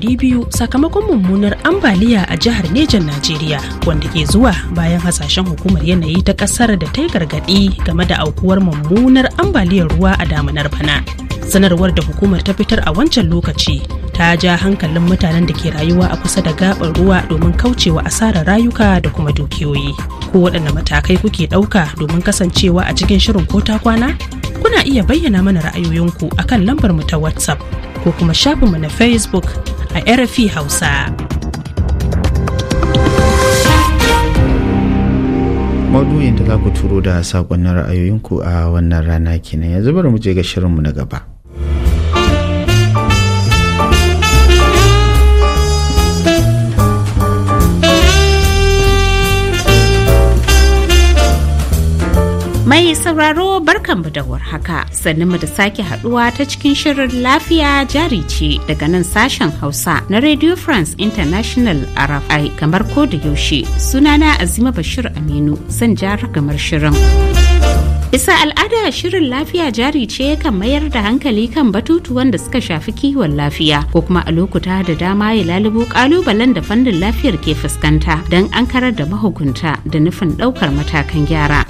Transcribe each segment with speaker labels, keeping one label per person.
Speaker 1: 200 sakamakon mummunar ambaliya a jihar Nejan Najeriya wanda ke zuwa bayan hasashen hukumar yanayi ta ƙasar da ta yi gargadi game da aukuwar mummunar ambaliyar ruwa a damunar bana. Sanarwar da hukumar ta fitar a wancan lokaci ta ja hankalin mutanen da ke rayuwa a kusa da gabar ruwa domin kaucewa asarar rayuka da kuma dukiyoyi. Ko waɗanne matakai kuke ɗauka domin kasancewa a cikin shirin ko ta kwana? Kuna iya bayyana mana ra'ayoyinku akan lambar mu ta WhatsApp ko kuma shafinmu na Facebook a RFI Hausa.
Speaker 2: Maudu'in da za ku turo da saƙonnin ra'ayoyinku a wannan rana kenan yanzu bari mu je ga shirinmu na gaba.
Speaker 1: Mai sauraro barkanmu da warhaka sannu mu da sake haduwa ta cikin shirin lafiya jari ce daga nan sashen Hausa na Radio France International RFI kamar ko da yaushe sunana Azima Bashir Aminu zan ja ragamar shirin. isa al'ada shirin lafiya jari ce kan mayar da hankali kan batutuwan da suka shafi kiwon lafiya ko kuma a lokuta da dama ya lalubo kalubalen da fannin lafiyar ke fuskanta don an karar da mahukunta da nufin ɗaukar matakan gyara.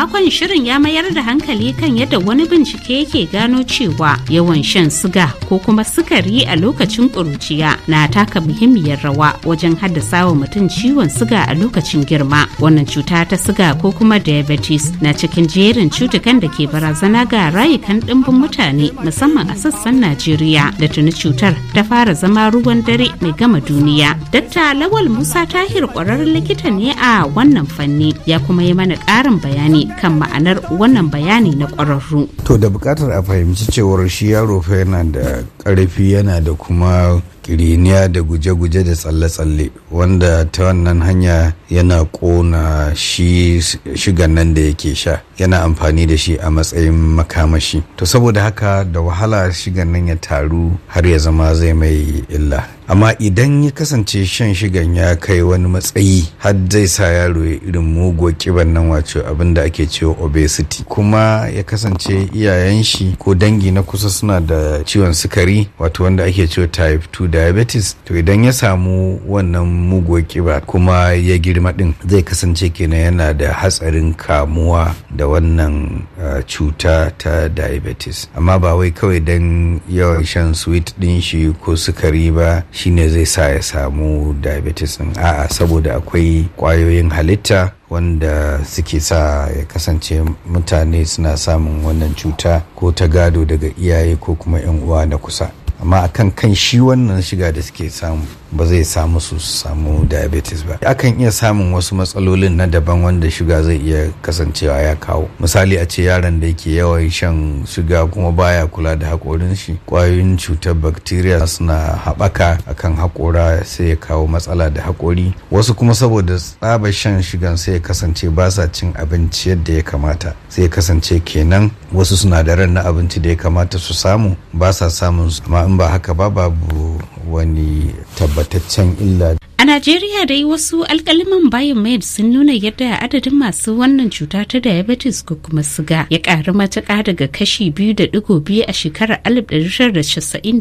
Speaker 1: makon shirin ya mayar da hankali kan yadda wani bincike yake gano cewa yawan shan siga ko kuma sukari a lokacin ƙuruciya na taka muhimmiyar rawa wajen haddasa wa mutum ciwon siga a lokacin girma. Wannan cuta ta siga ko kuma diabetes na cikin jerin cutukan da ke barazana ga rayukan ɗimbin mutane musamman a sassan Najeriya da tuni cutar ta fara zama ruwan dare mai gama duniya. Dakta Lawal Musa Tahir kwararren likita ne a wannan fanni ya kuma yi mana ƙarin bayani kan ma'anar wannan bayani na
Speaker 2: kwararru. To da buƙatar a fahimci cewar shi yaro fa yana da ƙarfi yana da kuma ƙiriniya da guje-guje da tsalle-tsalle wanda ta wannan hanya yana ƙona shi shigan nan da yake sha yana amfani da shi a matsayin makamashi to saboda haka da wahala shigan nan ya taru har ya zama zai mai illa amma idan ya kasance shan shigan ya kai wani matsayi har zai sa yaro ya irin muguwar kiban nan wato abin da ake cewa obesity kuma ya kasance iyayen shi ko dangi na kusa suna da ciwon sukari wato wanda ake cewa type 2 diabetes to idan ya samu wannan muguwar kiba kuma ya girma din zai kasance kenan yana da hatsarin kamuwa da wannan uh, cuta ta diabetes amma ba wai kawai don yawan shan sweet din shi ko sukari ba shine zai sa ya samu diabetes din a'a saboda akwai kwayoyin halitta wanda suke sa ya kasance mutane suna samun wannan cuta ko ta gado daga iyaye ko kuma 'yan uwa na kusa amma akan kan shi wannan shiga da suke samu ba zai samu su samu diabetes ba akan iya samun wasu matsalolin na daban wanda shiga zai iya kasancewa ya kawo misali a ce yaron da yake yawan shan shiga kuma baya kula da haƙorin shi ƙwayoyin cutar bacteria suna haɓaka akan haƙora sai ya kawo matsala da haƙori wasu kuma saboda tsaba shan shugan sai ya kasance ba sa cin abinci yadda ya kamata sai ya kasance kenan wasu sinadaran na abinci da ya kamata su samu ba sa samun amma in ba haka ba babu wani tabbataccen illa
Speaker 1: Najeriya dai wasu alkaliman biomed sun nuna yadda adadin masu wannan cuta ta diabetes ko kuma siga ya karu matuka daga kashi biyu da digo biyu a shekarar alif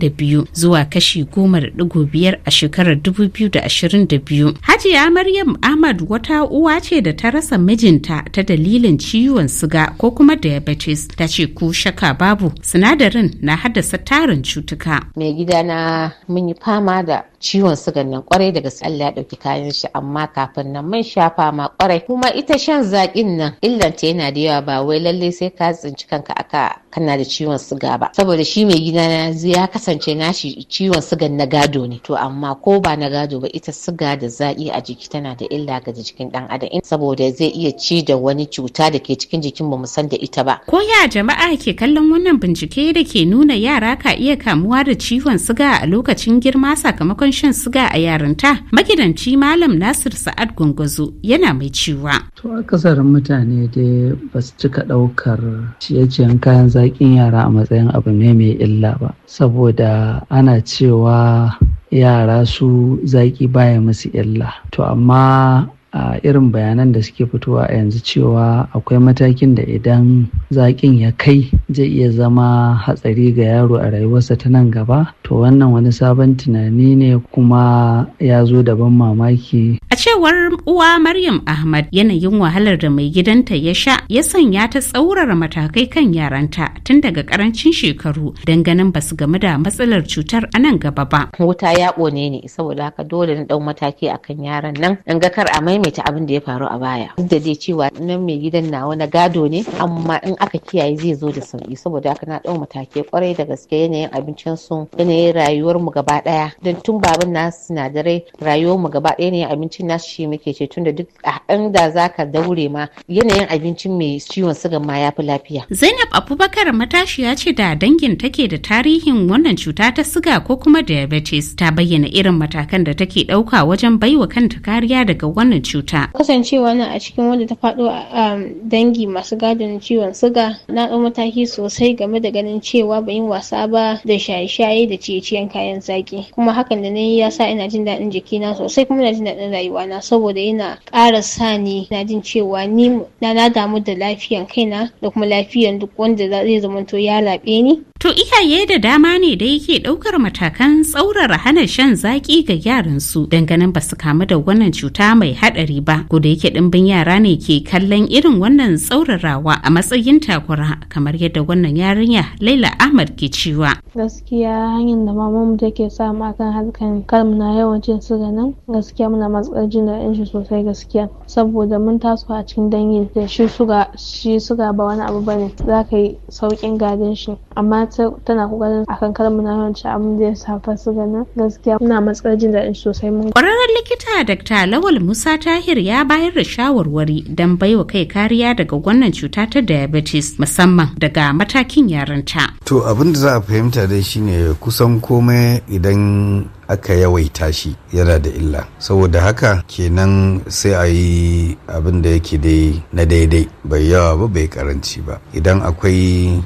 Speaker 1: da biyu zuwa kashi goma da digo biyar a shekarar dubu biyu da ashirin da biyu. Hajiya Maryam Ahmad wata uwa ce da ta rasa mijinta ta dalilin ciwon siga ko kuma diabetes ta ce ko shaka babu sinadarin na haddasa tarin cutuka.
Speaker 3: Mai gidana mun yi fama da ciwon sigan nan kwarai da gaske Allah ya ɗauki kayan shi amma kafin nan mun shafa ma kwarai kuma ita shan zaƙin nan illanta yana da yawa ba wai lallai sai ka tsinci kanka aka kana da ciwon siga ba saboda shi mai gida na ya kasance nashi ciwon sigan na gado ne to amma ko ba na gado ba ita siga da zai a jiki tana da illa ga jikin dan adam saboda zai iya ci da wani cuta da ke cikin jikin mu san da ita ba ko
Speaker 1: ya jama'a ke kallon wannan bincike da ke nuna yara ka iya kamuwa da ciwon siga a lokacin girma sakamakon shan siga a yarinta magidanci malam nasir sa'ad gunguzu yana mai ciwa to akasarin mutane dai ba su cika ɗaukar ciye-ciyen kayan zaƙin yara a matsayin abu ne mai illa ba saboda ana cewa yara su zaƙi baya musu illa to amma a irin bayanan da suke fitowa a yanzu cewa akwai matakin da idan zaƙin ya kai zai iya zama hatsari ga yaro a rayuwarsa ta nan gaba to wannan wani sabon tunani ne kuma ya zo da ban mamaki a cewar uwa maryam ahmad yanayin wahalar da mai gidanta ya sha ya sanya ta tsaurara matakai kan yaranta tun daga karancin shekaru don ganin basu game da matsalar cutar a nan gaba ba
Speaker 3: wuta ya ƙone ne saboda haka dole na ɗau mataki akan yaran nan in ga kar a mai maimaita abin da ya faru a baya duk da dai cewa nan mai gidan nawa na gado ne amma in aka kiyaye zai zo da sauki saboda haka na ɗau matake kwarai da gaske yanayin abincin su yanayin rayuwar mu gaba daya don tun baban na sinadarai rayuwar mu gaba ɗaya yanayin abincin nasu shi muke ce tun da duk a da zaka daure ma yanayin abincin mai ciwon sugan ma yafi lafiya.
Speaker 1: Zainab Abubakar matashiya ce da dangin take da tarihin wannan cuta ta siga ko kuma diabetes ta bayyana irin matakan da take ɗauka wajen baiwa kanta kariya daga wannan cuta.
Speaker 3: Kasancewa na a cikin wanda ta faɗo a dangi masu gadon ciwon suga na ɗau mataki sosai game da ganin cewa ba yin wasa ba da shaye-shaye da ciye-ciyen kayan zaki kuma hakan da na yi ya sa ina jin daɗin jikina sosai kuma ina jin daɗin rayuwana saboda yana ƙara sa ni na jin cewa ni na damu da lafiyan kaina da kuma lafiyan duk wanda zai zamanto ya laɓe ni
Speaker 1: To iyaye da dama ne da yake ɗaukar matakan tsaurara hana shan zaƙi ga yaransu ganin ba su kamu da wannan cuta mai haɗari ba. Ko da yake ɗimbin yara ne ke kallon irin wannan tsaurarawa a matsayin takura kamar yadda wannan yarinya Laila Ahmad ke cewa. Gaskiya hanyar da mamanmu take sa mu akan harkan kar muna yawan cin siga nan gaskiya muna matsar jin daɗin shi sosai gaskiya saboda mun taso a cikin dangi da shi suga shi suga ba wani abu bane za ka yi saukin gadon shi amma tana kokarin akan na munafanci abin da ya shafa su ganin gaskiya muna matsar jin daɗin sosai mun kwararren likita dakta Lawal Musa Tahir ya bayar da shawarwari don baiwa kai kariya daga wannan cuta ta diabetes musamman daga matakin yaranta.
Speaker 2: To abin da za a fahimta dai shine kusan komai idan aka yawaita shi yana da illa saboda haka kenan sai a yi abin da yake dai na daidai bai yawa ba bai karanci ba idan akwai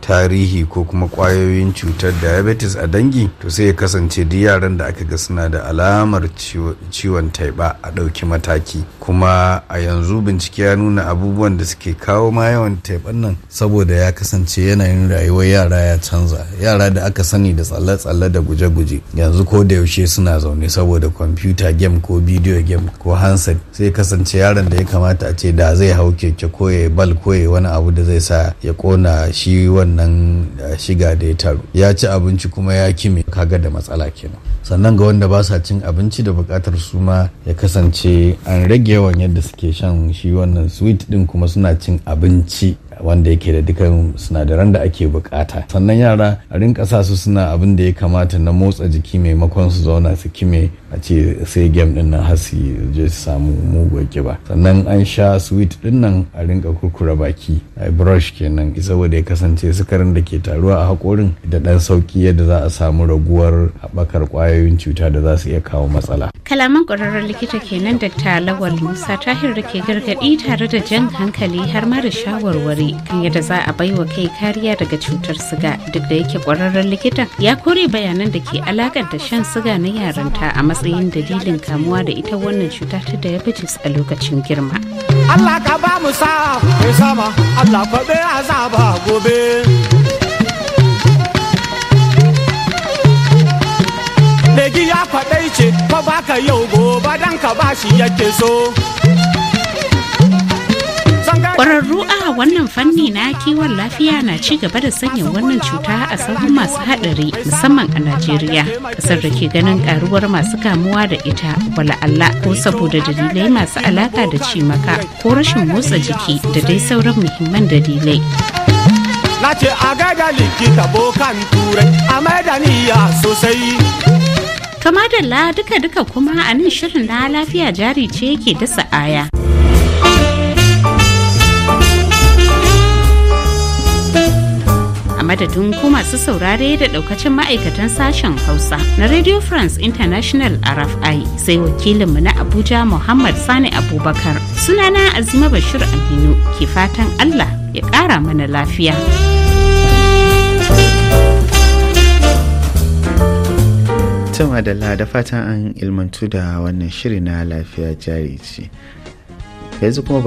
Speaker 2: tarihi ko kuma kwayoyin cutar diabetes a dangi to sai ya kasance duk yaran da aka ga suna da alamar ciwon taiba a ɗauki mataki kuma a yanzu bincike ya nuna abubuwan da suke kawo ma yawan taiban nan saboda ya kasance yanayin rayuwar yara ya canza yara da aka sani da tsalle-tsalle da guje-guje yanzu ko da yaushe suna zaune saboda kwamfuta game ko bidiyo game ko handset sai kasance yaron da ya kamata a ce da zai hau keke ko ya bal ko ya wani abu da zai sa ya kona shi wannan eh, shiga da ya taru ya ci abinci kuma ya kime kaga da matsala kenan sannan ga wanda ba sa cin abinci da bukatar su ma ya kasance an rage yawan yadda suke shan shi wannan sweet din kuma suna cin abinci wanda yake da dukan sinadaran da ake bukata sannan yara a rinka sa su suna abin da ya kamata na motsa jiki maimakon su zauna su kime a ce sai game din nan har su je su samu mugu kiba sannan an sha sweet din nan a rinka kurkura baki a brush kenan saboda ya kasance sukarin da ke taruwa a haƙorin, da dan sauki yadda za a samu raguwar haɓakar kwayoyin cuta da za su iya kawo matsala
Speaker 1: kalaman ƙwararren likita kenan da lawal musa tahir da ke gargaɗi tare da jan hankali har ma da shawarwari kare kan yadda za a baiwa kai kariya daga cutar siga duk da yake kwararren likitan ya kore bayanan da ke alakanta shan siga na yaranta a matsayin dalilin kamuwa da ita wannan cuta ta diabetes a lokacin girma.
Speaker 2: Allah ka ba mu sama Allah ka azaba gobe. Legi ya ce, baka yau gobe dan ka bashi yake so.
Speaker 1: Ƙwararru a wannan fanni na kiwon lafiya na ci gaba da sanya wannan cuta a sauran masu haɗari musamman a Najeriya, ƙasar da ke ganin ƙaruwar masu kamuwa da ita wala Allah ko saboda dalilai masu alaƙa da cimaka ko rashin motsa jiki da dai sauran muhimman dalilai.
Speaker 2: Na ce kama da
Speaker 1: la duka-duka kuma a nan shirin na lafiya jari ce yake dasa aya madadin ku masu saurare da daukacin ma'aikatan sashen Hausa na Radio France International RFI sai wakilinmu na Abuja Muhammad Sani Abubakar. Sunana Azima Bashir Aminu ke fatan Allah ya ƙara mana lafiya.
Speaker 2: Tama da da fatan an ilmantu da wannan shiri na lafiya jari ce. Yanzu kuma